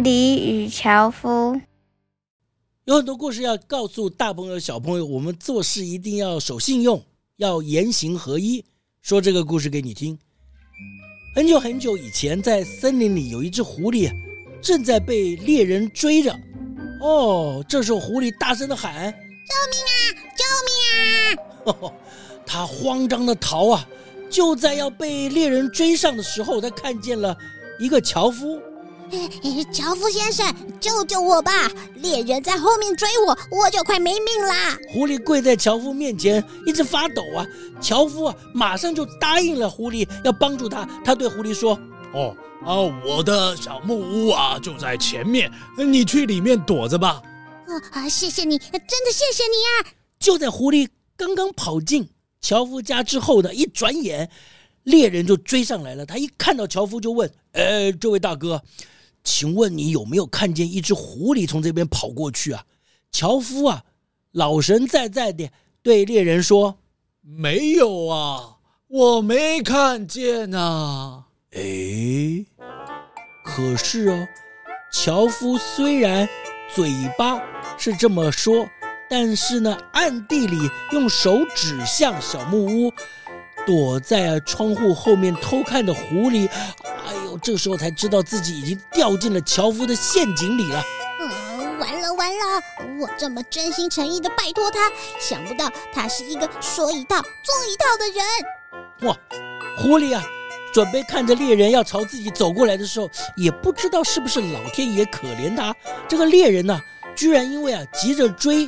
狐狸與樵夫有很多故事要告訴大朋友、小朋友。我們做事一定要守信用，要言行合一。說這個故事給你聽。很久很久以前，在森林裡有一隻狐狸，正在被獵人追着。哦，這時候狐狸大聲的喊：“救命啊！救命啊！”呵呵，他慌張的逃啊，就在要被獵人追上的時候，他看見了一個樵夫。誒，樵夫先生，救救我吧！獵人在後面追我，我就快沒命啦！狐狸跪在樵夫面前，一直發抖啊。樵夫啊，馬上就答應了狐狸要幫助他。他對狐狸說：“哦啊，我的小木屋啊就在前面，你去裡面躲着吧。”啊啊，謝謝你，真的謝謝你啊。就在狐狸剛剛跑進樵夫家之後呢，一轉眼，獵人就追上來了。他一看到樵夫就問：“呃、哎，這位大哥。”請問你有沒有看見一隻狐狸從這邊跑過去啊？樵夫啊，老神在在的對獵人說：“沒有啊，我沒看見吶、啊。”誒、哎，可是啊、哦，樵夫雖然嘴巴是這麼說，但是呢，暗地裡用手指向小木屋。躲在窗戶後面偷看的狐狸，哎呦，這個時候才知道自己已經掉進了樵夫的陷阱裡了。嗯，完了完了，我這麼真心誠意的拜托他，想不到他是一個說一套做一套的人。哇，狐狸啊，準備看着獵人要朝自己走過來的時候，也不知道是不是老天爺可憐他，這個獵人呢、啊，居然因為啊急着追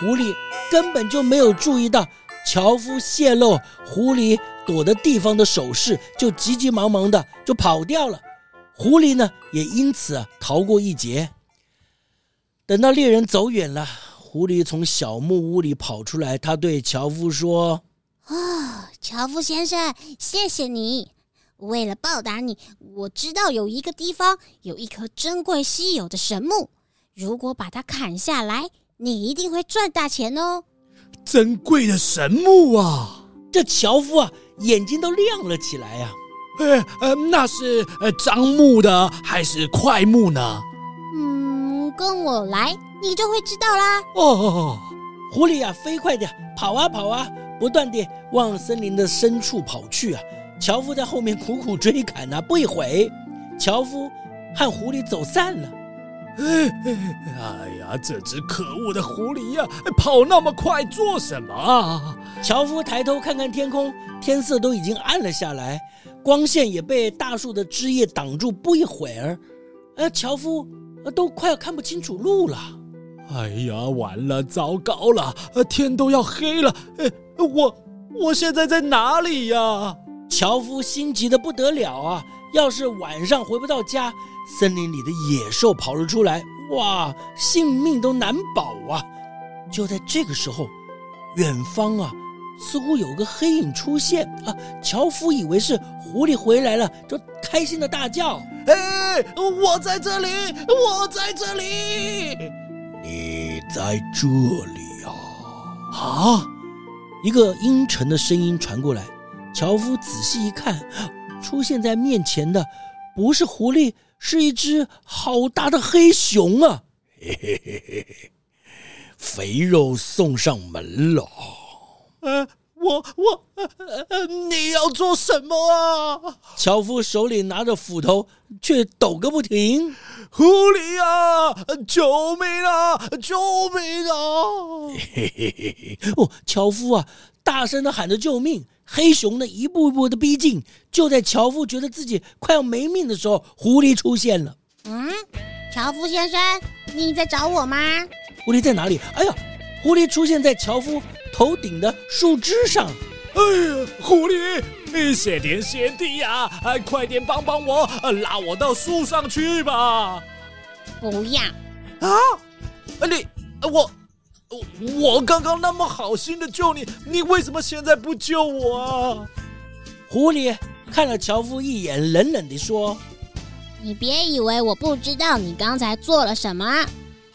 狐狸，根本就沒有注意到。樵夫洩露狐狸躲的地方的手勢，就急急忙忙的就跑掉了。狐狸呢，也因此逃過一劫。等到獵人走遠了，狐狸從小木屋裡跑出來，他對樵夫說：“啊、哦，樵夫先生，謝謝你！為了報答你，我知道有一個地方有一棵珍貴稀有的神木，如果把它砍下來，你一定會賺大錢哦。”珍貴的神木啊！這樵夫啊，眼睛都亮了起來呀、啊。呃呃，那是樟木，呃、的還是塊木呢？嗯，跟我來，你就會知道啦。哦，狐狸啊，飛快地跑啊跑啊，不斷地往森林的深處跑去啊。樵夫在後面苦苦追趕啊，不一會，樵夫和狐狸走散了。哎呀，這隻可惡的狐狸呀、啊，跑那麼快做什麼啊？樵夫抬頭看看天空，天色都已經暗了下來，光線也被大樹的枝葉擋住。不一會兒，呃，樵夫都快要看不清楚路了。哎呀，完了，糟糕了，天都要黑了。呃、哎，我我現在在哪裡呀？樵夫心急得不得了啊！要是晚上回不到家，森林裡的野獸跑了出來，哇，性命都難保啊！就在這個時候，遠方啊，似乎有個黑影出現啊！樵夫以為是狐狸回來了，就開心的大叫：“哎，我在這裡，我在這裡，你在這裡呀啊！”啊，一個陰沉的聲音傳過來。樵夫仔細一看，出現在面前的不是狐狸，是一隻好大的黑熊啊！嘿嘿嘿嘿，肥肉送上門了！啊、哎，我我，哎，你要做什麼啊？樵夫手裡拿着斧頭，卻抖個不停。狐狸啊，救命啊，救命啊！嘿嘿嘿嘿，哦，樵夫啊，大聲地喊着救命。黑熊呢，一步一步的逼近。就在樵夫覺得自己快要沒命的時候，狐狸出現了。嗯，樵夫先生，你在找我嗎？狐狸在哪裡？哎呀，狐狸出現在樵夫頭頂的樹枝上。哎呀，狐狸，你謝天謝地呀，快點幫幫我，啊，拉我到樹上去吧。不要啊！你，我。我剛剛那麼好心的救你，你為什麼現在不救我啊？狐狸看了樵夫一眼，冷冷地說：“你別以為我不知道你剛才做了什麼。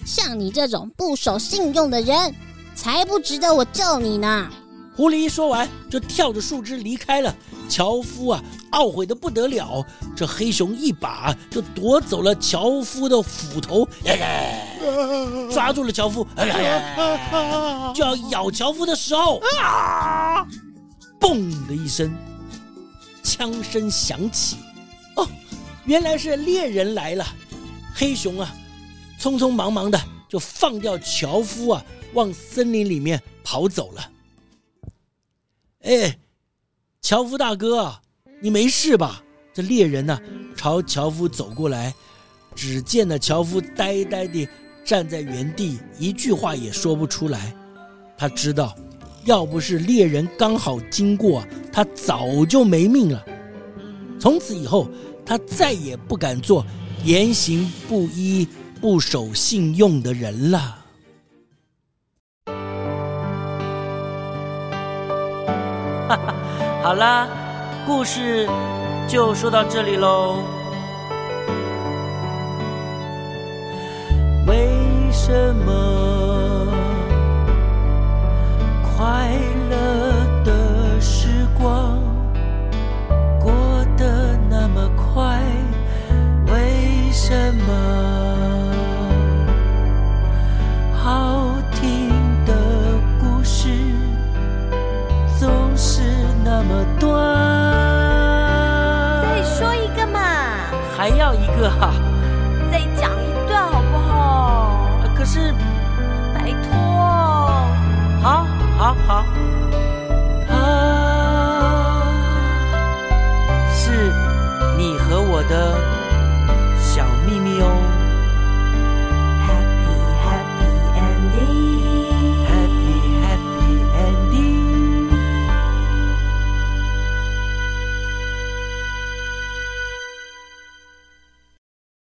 像你這種不守信用的人，才不值得我救你呢。”狐狸一說完，就跳着樹枝離開了。樵夫啊，懊悔的不得了。這黑熊一把就奪走了樵夫的斧頭，哎呀，抓住了樵夫，哎呀，就要咬樵夫的時候，啊，嘣的一聲，槍聲響起。哦，原來是獵人來了。黑熊啊，匆匆忙忙的就放掉樵夫啊，往森林裡面跑走了。哎，樵夫大哥，你沒事吧？這獵人呢、啊，朝樵夫走過來，只見那樵夫呆呆地站在原地，一句話也說不出來。他知道，要不是獵人剛好經過，他早就沒命了。從此以後，他再也不敢做言行不一、不守信用的人了。哈哈， 好啦，故事就說到這裡嘍。